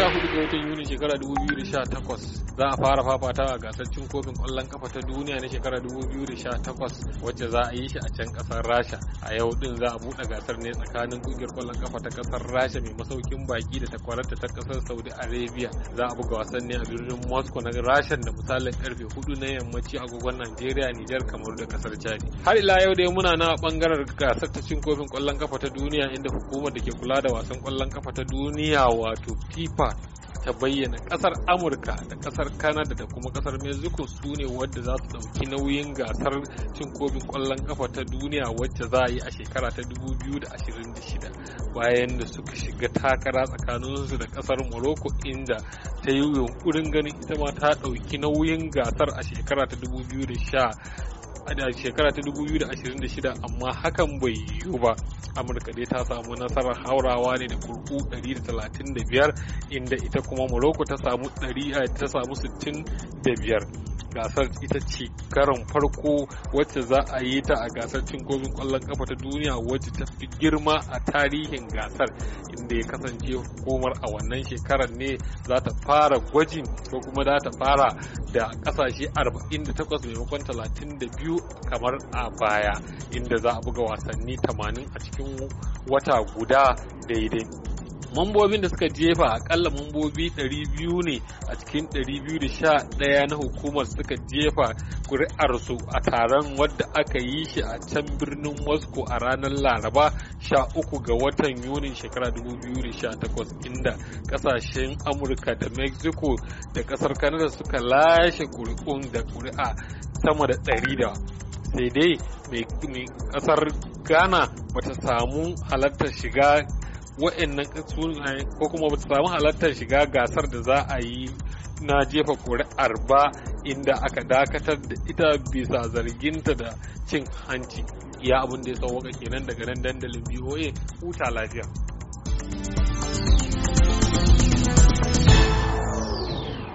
14 ga watan Yuni shekara 2018. za a fara fafata a gasar cin kofin kwallon kafa ta duniya na shekarar 2018 wacce za a yi shi a can kasar rasha a yau din za a buɗe gasar ne tsakanin kungiyar kwallon kafa ta kasar rasha mai masaukin baki da takwararta ta kasar saudi arabia za a buga wasan ne a birnin moscow na rasha da misalin karfe 4 na yammaci agogon nigeria nijar kamaru da kasar chad har ila yau dai muna na bangaren gasar ta cin kofin kwallon kafa ta duniya inda hukumar da ke kula da wasan kwallon kafa ta duniya wato fifa ta bayyana kasar amurka da kasar canada da kuma kasar mexico su ne wadda za su dauki nauyin gasar cin kofin kwallon kafa ta duniya wacce za a yi a shekara ta 2026 bayan da suka shiga takara tsakaninsu da kasar morocco inda ta yi yunkurin ganin ita ma ta dauki nauyin gasar a shekara ta da shekara ta 2026 amma hakan bai yiwu ba amurka dai ta samu nasarar haurawa ne da kurku 135 inda ita kuma morocco ta samu 65 gasar ita ce karon farko wacce za a yi ta a gasar cin kofin kwallon kafa ta duniya wacce ta fi girma a tarihin gasar inda ya kasance hukumar a wannan shekarar ne za ta fara gwajin ko kuma za ta fara da kasashe 48 maimakon 32 kamar a baya inda za a buga wasanni 80 a cikin wata guda daidai mambobin da suka jefa akalla mambobi 200 ne a cikin 211 na hukumar suka jefa kuri'arsu a taron wadda aka yi shi a can birnin moscow a ranar laraba 13 ga watan yunin shekara 2018 inda kasashen amurka da mexico da kasar Kanada suka lashe kuri'un da kuri'a sama da 100 sai dai mai kasar ghana bata samu halartar shiga wa'annan sunayen ko kuma ba su samu halartar shiga gasar da za a yi na jefa ƙuri'ar ba inda aka dakatar da ita bisa zarginta da cin hanci ya abin da ya sauwaka kenan daga nan dandalin BOA huta lafiya.